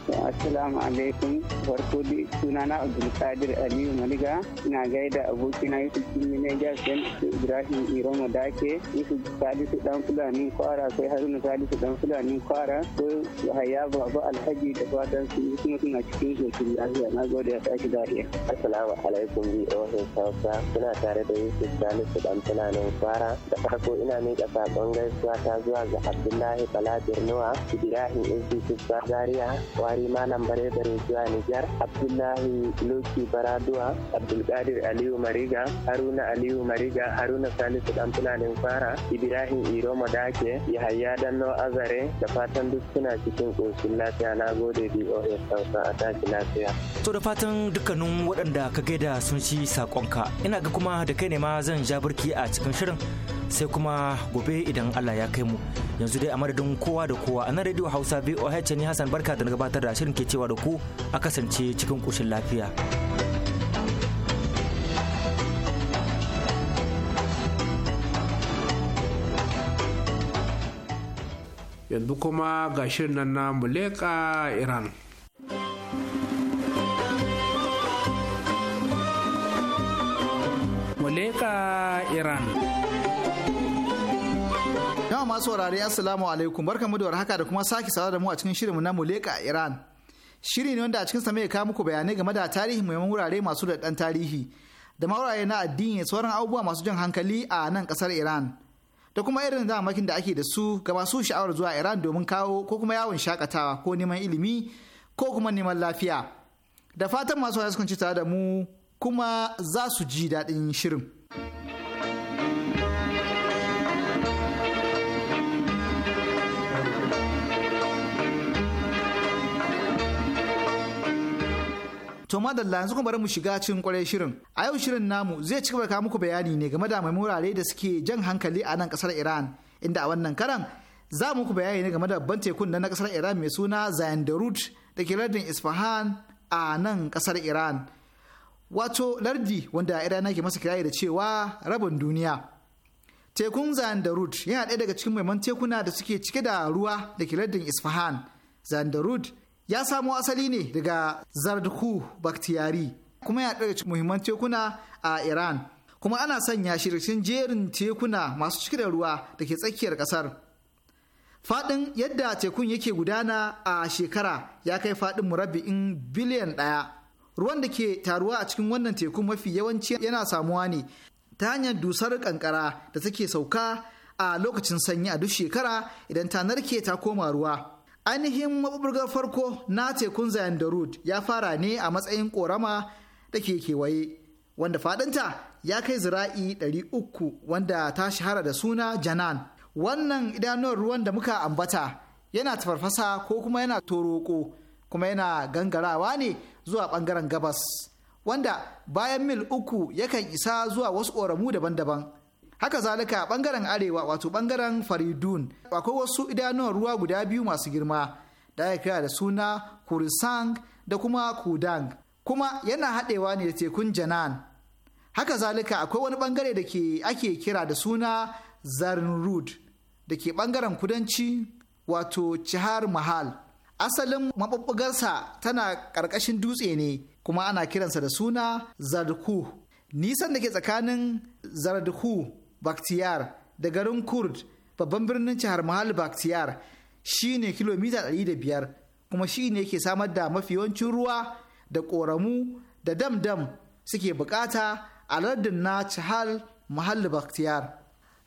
Assalamu alaikum farko dai sunana Abdulkadir Aliyu Maliga ina gaida abokina Yusuf Jimine Jackson Ibrahim Iromo Dake Yusuf Salisu dan Fulani Kwara sai Haruna Salisu dan Fulani Kwara ko Yahaya Baba Alhaji da fatan su kuma suna cikin a lafiya na gode ya tashi lafiya. Assalamu alaikum bi ohin sauka suna tare da Yusuf Salisu dan Fulani Kwara da farko ina miƙa saƙon gaisuwa ta zuwa ga Abdullahi Bala Birnuwa Ibrahim Yusuf Zariya Kwari Buhari Malam Bare rijiya zuwa Nijar, Abdullahi Loki Baraduwa, Abdulkadir Aliyu Mariga, Haruna Aliyu Mariga, Haruna Salisu Dan Fulanin Fara, Ibrahim Iro Madake, Yahaya Danno Azare da fatan duk suna cikin ƙoshin lafiya na gode BOS Hausa a tashi lafiya. To da fatan dukkanin waɗanda ka gaida sun ci saƙonka ina ga kuma da kai ne ma zan jaburki birki a cikin shirin sai kuma gobe idan Allah ya kai mu yanzu dai a madadin kowa da kowa a nan radio hausa voh ne hassan barka da na gabatar da shirin ke cewa da ku a kasance cikin kushin lafiya yanzu kuma ga shirin nan na muleka iran muleka iran masu saurare assalamu alaikum barkamu da warhaka da kuma sake saurara da mu a cikin shirinmu na Muleka Iran. Shiri ne wanda a cikin sa mai kawo muku bayanai game da tarihi mai wurare masu da dan tarihi da maurare na addini sauran abubuwa masu jan hankali a nan kasar Iran. Da kuma irin damakin da ake da su ga masu sha'awar zuwa Iran domin kawo ko kuma yawon shakatawa ko neman ilimi ko kuma neman lafiya. Da fatan masu wasu sukan ci tare da mu kuma za su ji daɗin shirin. To madalla yanzu kuma bari mu shiga cikin kwarai shirin. A yau shirin namu zai ci gaba muku bayani ne game da maimurare da suke jan hankali a nan kasar Iran inda a wannan karan za mu muku bayani ne game da babban tekun na kasar Iran mai suna Zayan Darut da ke lardin Isfahan a nan kasar Iran. Wato lardi wanda Iran ke masa kirayi da cewa rabin duniya. Tekun Zayan Darut yana ɗaya daga cikin maiman tekuna da suke cike da ruwa da ke lardin Isfahan. Zayan Darut ya samo asali ne daga zardhu baktiyari kuma ya daga muhimman tekuna a iran kuma ana sanya shi jerin tekuna masu cike da ruwa da ke tsakiyar kasar faɗin yadda tekun yake gudana a shekara ya kai faɗin murabbi'in biliyan ɗaya ruwan da ke taruwa a cikin wannan tekun mafi yawanci yana samuwa ne ta hanyar dusar kankara da take sauka a lokacin sanyi a duk shekara idan ta narke ta koma ruwa ainihin maɓuɓɓugar farko na tekun zayan darud ya fara ne a matsayin ƙorama da ke kewaye wanda faɗinta ya kai zira'i 300 wanda ta shahara da suna janan wannan idanuwar ruwan da muka ambata yana tafarfasa ko kuma yana toroko kuma yana gangarawa ne zuwa ɓangaren gabas wanda bayan mil uku yakan isa zuwa wasu ƙoramu daban-daban haka zalika bangaren arewa wato bangaren faridun akwai wasu idanuwan ruwa guda biyu masu girma da aka kira da suna kurisang da kuma kudang kuma yana haɗewa ne da tekun janan haka zalika akwai wani bangare da ake kira da suna zarnrud da ke bangaren kudanci wato cihar mahal asalin mabubbugarsa tana ƙarƙashin dutse ne kuma ana kiransa da suna zarku nisan da ke tsakanin zarku baktiyar da garin kurd babban birnin jihar mahal baktiyar ne kilomita 500 kuma shi ne yake samar da mafi yawancin ruwa da ƙoramu da dam-dam suke bukata a lardin na Chahal Mahal Bakhtiyar.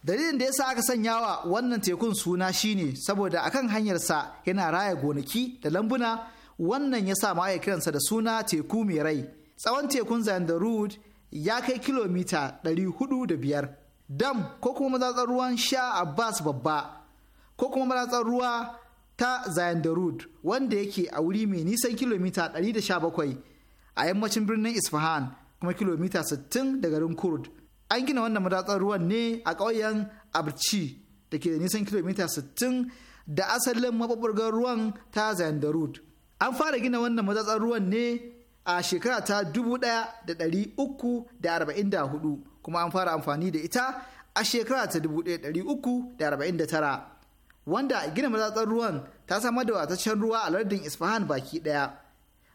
Dalilin da ya sa aka sanya wa wannan tekun suna shine saboda akan hanyarsa yana raya gonaki da lambuna wannan ya sa ma'aikiransa kiransa da suna teku mai rai. Tsawon tekun Zandarud ya kai kilomita 405 dam ko kuma matsatsar ruwan sha abbas babba ko kuma matsatsar ruwa ta zayan wanda yake a wuri mai nisan kilomita 117 a yammacin birnin isfahan kuma kilomita 60 da garin kurd an gina wannan matsatsar ruwan ne a ƙauyen abci da ke da nisan kilomita 60 da asalin maɓaɓɓurgar ruwan ta zayan an fara gina wannan matsatsar ruwan ne a shekara ta 1344 kuma an fara amfani da ita a shekara ta 1349 wanda gina matsatsar ruwan ta samar da wataccen ruwa a lardin isfahan baki daya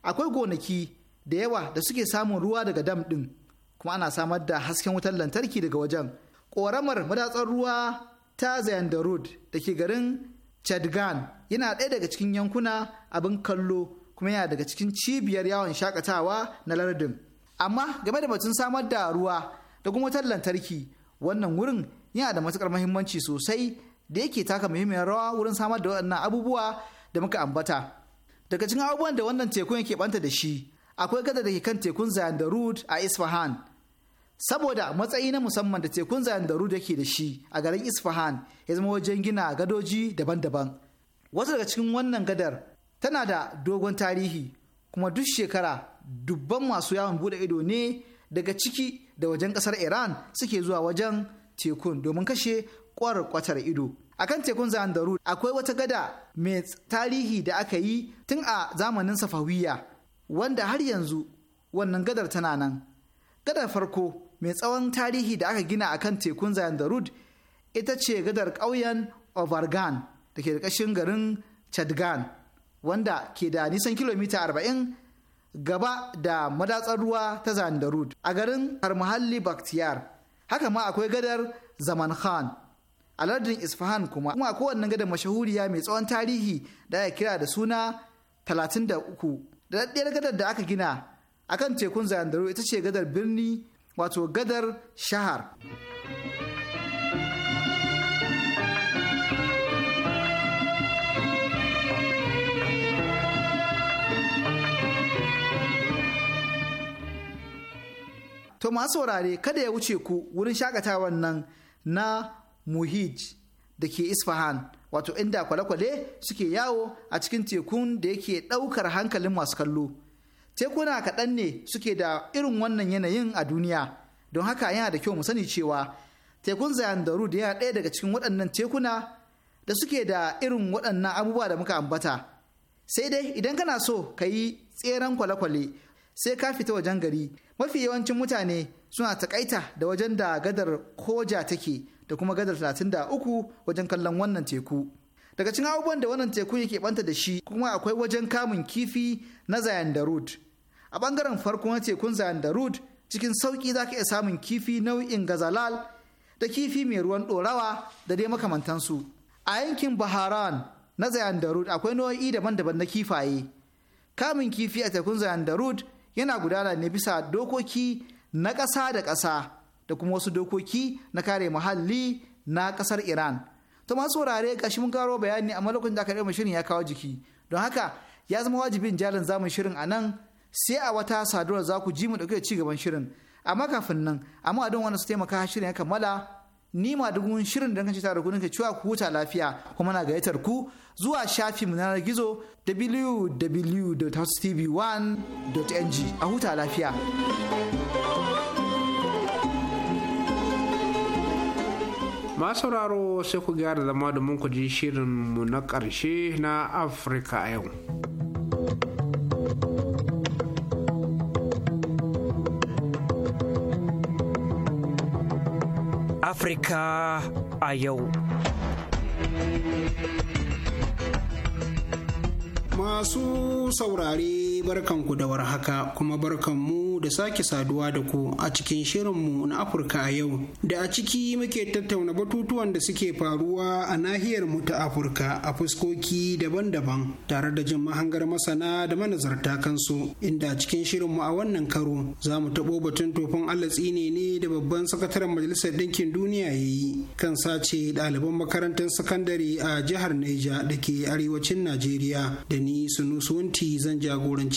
akwai gonaki da yawa da suke samun ruwa daga dam din kuma ana samar da hasken wutar lantarki daga wajen ƙoramar madatsar ruwa ta Zayanda Road da ke garin chadgan yana ɗaya daga cikin yankuna abin kallo kuma yana daga cikin cibiyar yawon shakatawa na lardin amma game da batun samar da ruwa da kuma wutar lantarki wannan wurin yana da matukar mahimmanci sosai da yake taka muhimmiyar rawa wurin samar da waɗannan abubuwa da muka ambata daga cikin abubuwan da wannan tekun yake banta da shi akwai gada da ke kan tekun zayan a isfahan saboda matsayi na musamman da tekun zayan da yake da shi a garin isfahan ya zama wajen gina gadoji daban-daban wasu daga cikin wannan gadar tana da dogon tarihi kuma duk shekara dubban masu yawon bude ido ne daga ciki da wajen kasar Iran suke zuwa wajen tekun domin kashe kwatar ido. A kan tekun Zandaru akwai wata gada mai tarihi da aka yi tun a zamanin Safawiya wanda har yanzu wannan gadar tana nan. Gadar farko mai tsawon tarihi da aka gina akan tekun Zandarud ita ce gadar ƙauyen Ovargan da ke da ƙashin garin Chadgan wanda ke da nisan kilomita arba'in gaba da madatsar ruwa ta zandarud a garin harmahalli baktiyar haka ma akwai gadar zaman khan a lardin isfahan kuma kuma kowanne gadar mashahuriya mai tsawon tarihi da aka kira da suna 33 da daddiyar gadar da aka gina akan tekun zandarud ita ce gadar birni wato gadar shahar. To masu saurare kada ya wuce ku wurin shakatawan nan na Muhij da ke Isfahan wato inda kwale-kwale suke yawo a cikin tekun da yake ɗaukar hankalin masu kallo. Tekuna kaɗan ne suke da irin wannan yanayin a duniya don haka yana da kyau mu sani cewa tekun Zayan da yana ɗaya daga cikin waɗannan tekuna da suke da irin waɗannan abubuwa da muka ambata. Sai dai idan kana so ka yi tseren kwale-kwale sai ka fita wajen gari mafi yawancin mutane suna takaita da wajen da gadar koja take da kuma gadar 33 wajen kallon wannan teku daga cikin abubuwan da wannan teku yake banta da shi kuma akwai wajen kamun kifi na rud a bangaren farko na tekun rud cikin sauki za ka iya samun kifi nau'in gazalal da kifi mai ruwan ɗorawa da dai makamantansu a yankin baharan na rud akwai nau'o'i daban-daban na kifaye kamun kifi a tekun rud yana gudana ne bisa dokoki na ƙasa da ƙasa da kuma wasu dokoki na kare muhalli na ƙasar Iran. To masu saurare gashi mun karo bayani amma lokacin da aka ɗaya shirin ya kawo jiki. Don haka ya zama wajibin jalin zamun shirin a nan sai a wata saduwar za ku ji mu ɗauke da ci gaban shirin. Amma kafin nan, amma don wani su taimaka shirin ya kammala ni ma dugun shirin da kanci tare ku nake cewa ku huta lafiya kuma na gayyatar ku zuwa shafi mu na gizo www.tv1.ng a huta lafiya. ma sauraro sai ku gyara zama domin ku ji shirin mu na ƙarshe na afirka a yau. Afirka a yau. Masu saurare barkanku da warhaka kuma barkanmu da sake saduwa da ku a cikin shirinmu na Afirka a yau da a ciki muke tattauna batutuwan da suke faruwa a nahiyar mu ta Afirka a fuskoki daban-daban tare da jin mahangar masana da manazarta kansu inda a cikin shirinmu a wannan karo za mu taɓo batun tofin allah ne ne da babban sakataren majalisar ɗinkin duniya ya yi kan sace ɗaliban makarantar sakandare a jihar Niger da ke arewacin Najeriya da ni Sunusuwanti zan jagoranci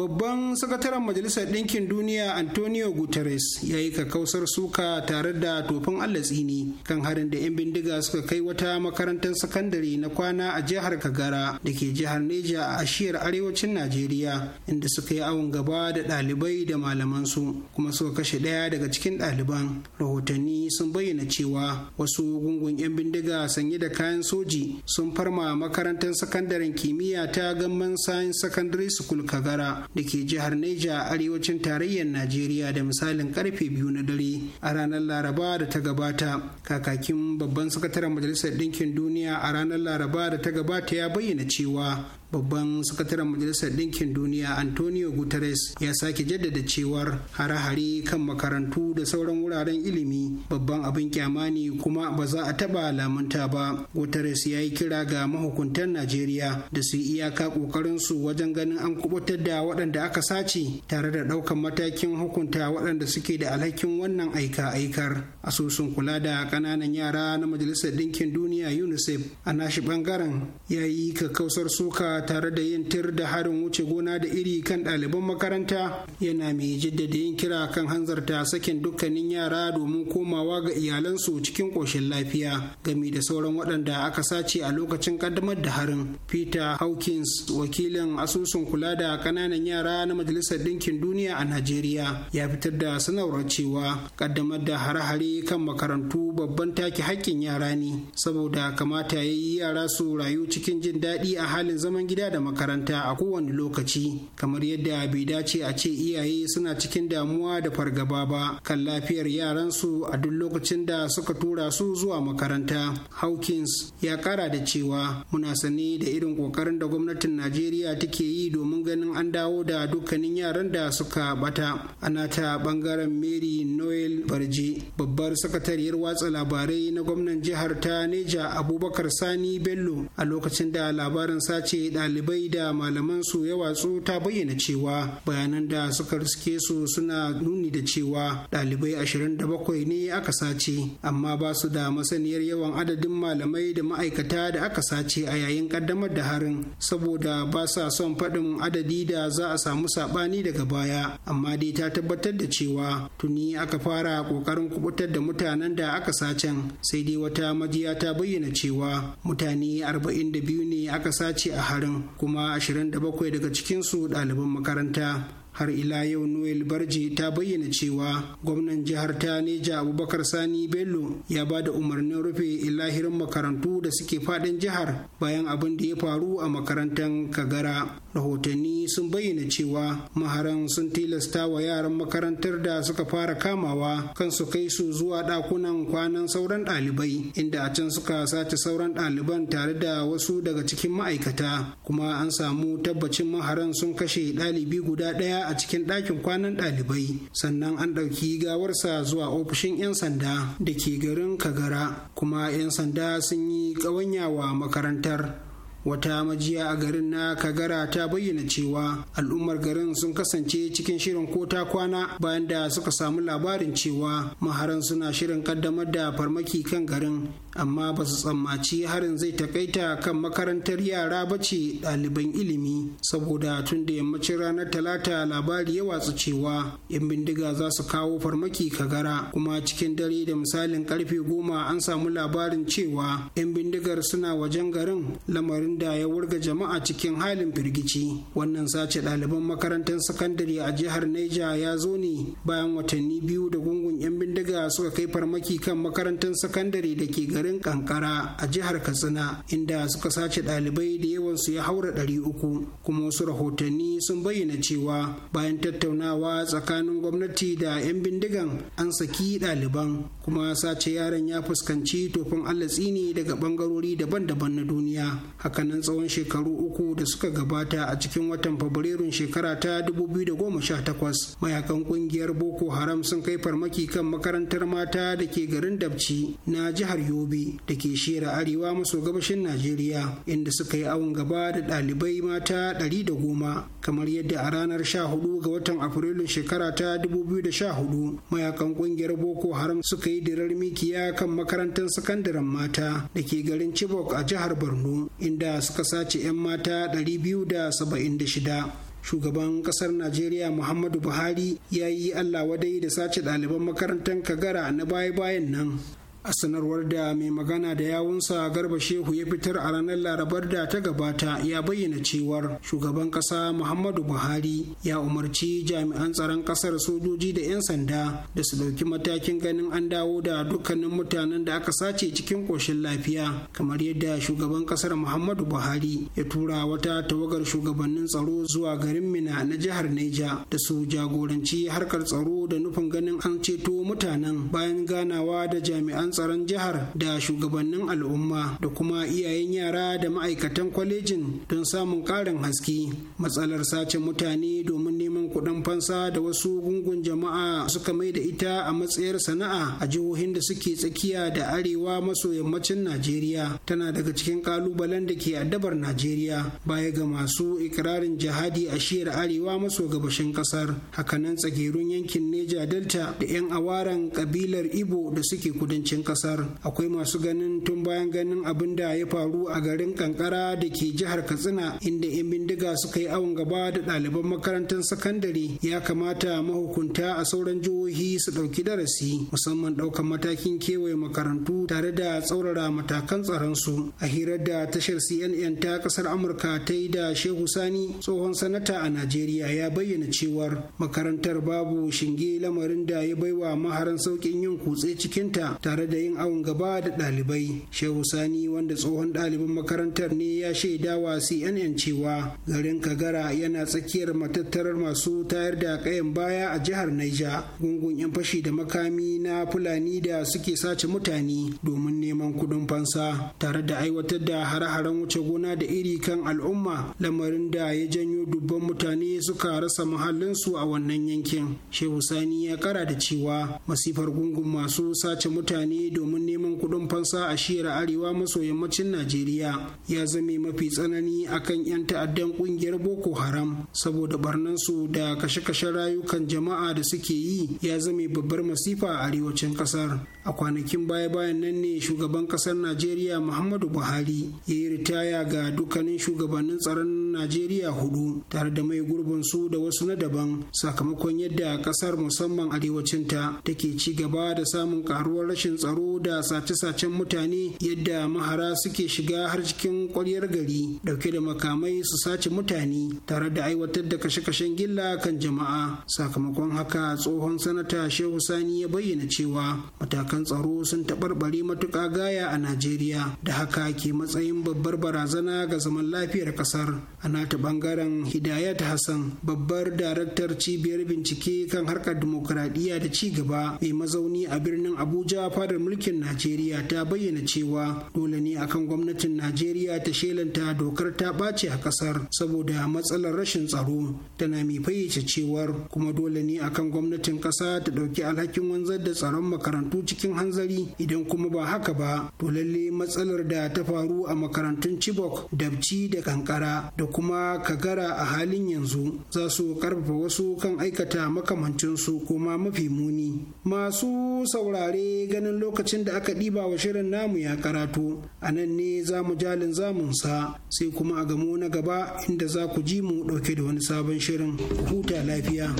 babban sakataren majalisar ɗinkin duniya antonio guterres ya yi kakausar suka tare da tofin tsini kan harin da 'yan bindiga suka kai wata makarantar sakandare na kwana a jihar kagara da ke jihar neja a ashiyar arewacin najeriya inda suka yi awon gaba da ɗalibai da malamansu kuma suka kashe ɗaya daga cikin ɗaliban rahotanni sun bayyana cewa wasu gungun 'yan bindiga sanye da kayan soji sun farma makarantar sakandaren kimiyya ta gamman science secondary school kagara da ke jihar Neja arewacin tarayyar Najeriya da misalin karfe biyu na dare a ranar Laraba da ta gabata. Kakakin babban sakataren Majalisar Dinkin Duniya a ranar Laraba da ta gabata ya bayyana cewa babban sakataren majalisar ɗinkin duniya antonio guterres ya sake jaddada cewar hare-hare kan makarantu da sauran wuraren ilimi babban abin kyama ne kuma ba za a taba lamunta ba guterres ya yi kira ga mahukuntan najeriya da su iyaka ƙoƙarinsu wajen ganin an kubutar da waɗanda aka sace tare da ɗaukan matakin hukunta waɗanda suke da alhakin wannan aika-aikar asusun kula da ƙananan yara na majalisar ɗinkin duniya unicef a nashi ɓangaren ya yi kakkausar suka tare da yin tir da harin wuce gona da iri kan ɗaliban makaranta yana mai jaddada yin kira kan hanzarta sakin dukkanin yara domin komawa ga iyalansu cikin ƙoshin lafiya gami da sauran waɗanda aka sace a lokacin ƙaddamar da harin peter hawkins wakilin asusun kula da ƙananan yara na majalisar ɗinkin duniya a najeriya ya fitar da sanarwar cewa ƙaddamar da hare-hare kan makarantu babban take haƙƙin yara ne saboda kamata ya yi yara su rayu cikin jin daɗi a halin zaman gida da makaranta a kowane lokaci kamar yadda bai dace a ce iyaye suna cikin damuwa da fargaba ba kan lafiyar yaransu a duk lokacin da suka tura su zuwa makaranta hawkins ya kara da cewa muna sane da irin kokarin da gwamnatin najeriya take yi domin ganin an dawo da dukkanin yaran da suka bata ana ta bangaren mary noel barje babbar sakatariyar watsa labarai na gwamnan jihar ta neja abubakar sani bello a lokacin da labarin sace Dalibai da malaman su ya watsu ta bayyana cewa bayanan da suka riske su suna nuni da cewa ɗalibai 27 ne aka sace amma ba su da masaniyar yawan adadin malamai da ma'aikata da aka sace a yayin ƙaddamar da harin saboda ba sa son faɗin adadi da za a samu saɓani daga baya amma dai ta tabbatar da cewa tuni aka fara ƙoƙarin kubutar da mutanen da aka sacen sai dai wata majiya ta bayyana cewa mutane 42 ne aka sace a harin kuma 27 daga cikinsu ɗaliban makaranta. har ila yau noel barji ta bayyana cewa gwamnan jihar ta neja abubakar sani bello ya ba da umarnin rufe ilahirin makarantu da suke fadin jihar bayan abin da ya faru a makarantar kagara rahotanni sun bayyana cewa maharan sun tilasta wa yaran makarantar da suka fara kamawa kan su kai su zuwa dakunan kwanan sauran ɗalibai inda a can suka sace sauran ɗaliban tare da wasu daga cikin ma'aikata kuma an samu tabbacin maharan sun kashe ɗalibi guda ɗaya a cikin ɗakin kwanan ɗalibai sannan an ɗauki gawarsa zuwa ofishin 'yan sanda da ke garin kagara kuma 'yan sanda sun yi ƙawanya wa makarantar wata majiya a garin na kagara ta bayyana cewa al'ummar garin sun kasance cikin shirin ko ta kwana bayan da suka samu labarin cewa maharan suna shirin kaddamar da farmaki kan garin amma ba su tsammaci harin zai takaita kan makarantar yara ba ce ɗaliban ilimi saboda tun da yammacin ranar talata labari ya watsu cewa yan bindiga za su kawo farmaki kagara kuma cikin dare da misalin karfe goma an samu labarin cewa yan bindigar suna wajen garin lamarin abinda ya wurga jama'a cikin halin firgici wannan sace ɗaliban makarantar sakandare a jihar neja ya zo ne bayan watanni biyu da gungun 'yan bindiga suka kai farmaki kan makarantar sakandare da ke garin kankara a jihar katsina inda suka sace ɗalibai da yawan su ya haura ɗari uku kuma wasu rahotanni sun bayyana cewa bayan tattaunawa tsakanin gwamnati da 'yan bindigan an saki ɗaliban kuma sace yaron ya fuskanci tofin allatsi ne daga ɓangarori daban-daban na duniya haka nan tsawon shekaru uku da suka gabata a cikin watan fabrairun shekara ta 2018 mayakan kungiyar boko haram sun kai farmaki kan makarantar mata da ke garin dabci na jihar yobe da ke shera arewa maso gabashin najeriya inda suka yi awon gaba da ɗalibai mata 110 kamar yadda a ranar 14 ga watan afrilun shekara ta 2014 mayakan kungiyar boko haram suka yi dirar mikiya kan makarantar sakandaren mata da ke garin chibok a jihar borno inda inda suka sace 'yan mata 276 shugaban kasar najeriya muhammadu buhari ya yi allah wadai da sace ɗaliban makarantar kagara na baya-bayan nan a sanarwar da mai magana da yawunsa garba shehu ya fitar a ranar larabar da ta gabata ya bayyana cewar shugaban kasa muhammadu buhari ya umarci jami'an tsaron kasar sojoji da 'yan sanda da su ɗauki matakin ganin an dawo da dukkanin mutanen da aka sace cikin ƙoshin lafiya kamar yadda shugaban kasar muhammadu buhari ya tura wata tawagar shugabannin tsaro zuwa garin mina na jihar neja da su jagoranci harkar tsaro da nufin ganin an ceto mutanen bayan ganawa da jami'an tsaron jihar da shugabannin al'umma da kuma iyayen yara da ma'aikatan kwalejin don samun ƙarin haske matsalar sace mutane domin neman kuɗin fansa da wasu gungun jama'a suka mai da ita a matsayar sana'a a jihohin da suke tsakiya da arewa maso yammacin najeriya tana daga cikin kalubalen da ke addabar najeriya baya ga masu ikirarin jihadi a shiyar arewa maso gabashin kasar hakanan tsagerun yankin neja delta da 'yan awaran kabilar ibo da suke kudancin arewacin kasar akwai masu ganin tun bayan ganin abin da ya faru a garin kankara da ke jihar katsina inda 'yan bindiga suka yi awon gaba da ɗaliban makarantar sakandare ya kamata mahukunta a sauran jihohi su ɗauki darasi musamman ɗaukar matakin kewaye makarantu tare da tsaurara matakan tsaron su a hirar da tashar cnn ta kasar amurka ta yi da shehu sani tsohon sanata a najeriya ya bayyana cewar makarantar babu shinge lamarin da ya baiwa maharan sauƙin yin kutse cikinta tare da yin awon gaba da ɗalibai shehu sani wanda tsohon ɗaliban makarantar ne ya shaida wa cnn cewa garin kagara yana tsakiyar matattarar masu tayar da kayan baya a jihar naija gungun 'yan fashi da makami na fulani da suke sace mutane domin neman kuɗin fansa tare da aiwatar da hare-haren wuce gona da iri kan al'umma lamarin da ya janyo dubban mutane suka rasa su a wannan yankin shehu sani ya kara da cewa masifar gungun masu sace mutane domin neman kudin fansa a shiyar arewa maso yammacin najeriya ya zame mafi tsanani akan 'yan ta'addan kungiyar boko haram saboda barnansu da kashe-kashen rayukan jama'a da suke yi ya zame babbar masifa a arewacin kasar. a kwanakin baya-bayan nan ne shugaban kasar najeriya muhammadu buhari ya yi ritaya ga dukkanin shugabannin tsaron najeriya hudu tare da mai gurbin su da wasu na daban sakamakon yadda kasar musamman arewacin ta take ci gaba da samun karuwar rashin tsaro da sace-sacen mutane yadda mahara suke shiga har cikin kwaryar gari dauke da makamai su sace mutane tare da aiwatar da kashe-kashen gilla kan jama'a sakamakon haka tsohon sanata shehu sani ya bayyana cewa Kan tsaro sun taɓarɓare matuƙa gaya a Najeriya da haka ke matsayin babbar barazana ga zaman lafiyar ƙasar. A nata ɓangaren Hidayat Hassan babbar daraktar cibiyar bincike kan harkar dimokuraɗiyya da ci gaba mai mazauni a birnin Abuja fadar mulkin Najeriya ta bayyana cewa dole ne akan gwamnatin Najeriya ta shelanta dokar ta ɓace a ƙasar saboda matsalar rashin tsaro tana mai fayyace cewar kuma dole ne akan gwamnatin ƙasa ta ɗauki alhakin wanzar da tsaron makarantu cikin cikin hanzari idan kuma ba haka ba to lalle matsalar da ta faru a makarantun Chibok dabci da kankara da kuma kagara a halin yanzu za su karfafa wasu kan aikata makamancinsu kuma mafi muni masu saurare ganin lokacin da aka ɗiba wa shirin namu ya karatu a nan ne za mu jalin zamunsa sai kuma a gamo na gaba inda za ku ji mu ɗauke da wani sabon shirin huta lafiya.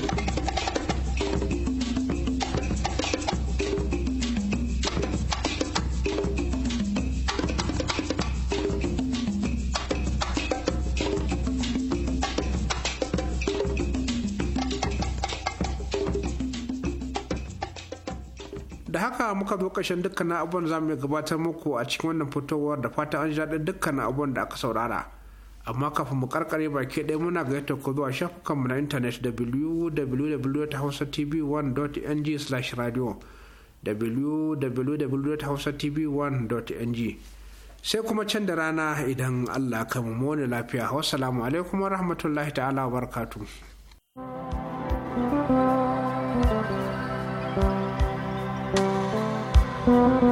muka zo ƙarshen dukkanin abubuwan za mu gabatar muku a cikin wannan fitowar da fata an ji daɗin dukkanin abubuwan da aka saurara amma kafin mu karkare baki ɗaya muna gayyata ku zuwa shafukanmu na intanet www.hausatv1.ng/radio www.hausatv1.ng sai kuma can da rana idan Allah ka mu lafiya wassalamu alaikum wa rahmatullahi ta'ala wa barakatuh Thank you.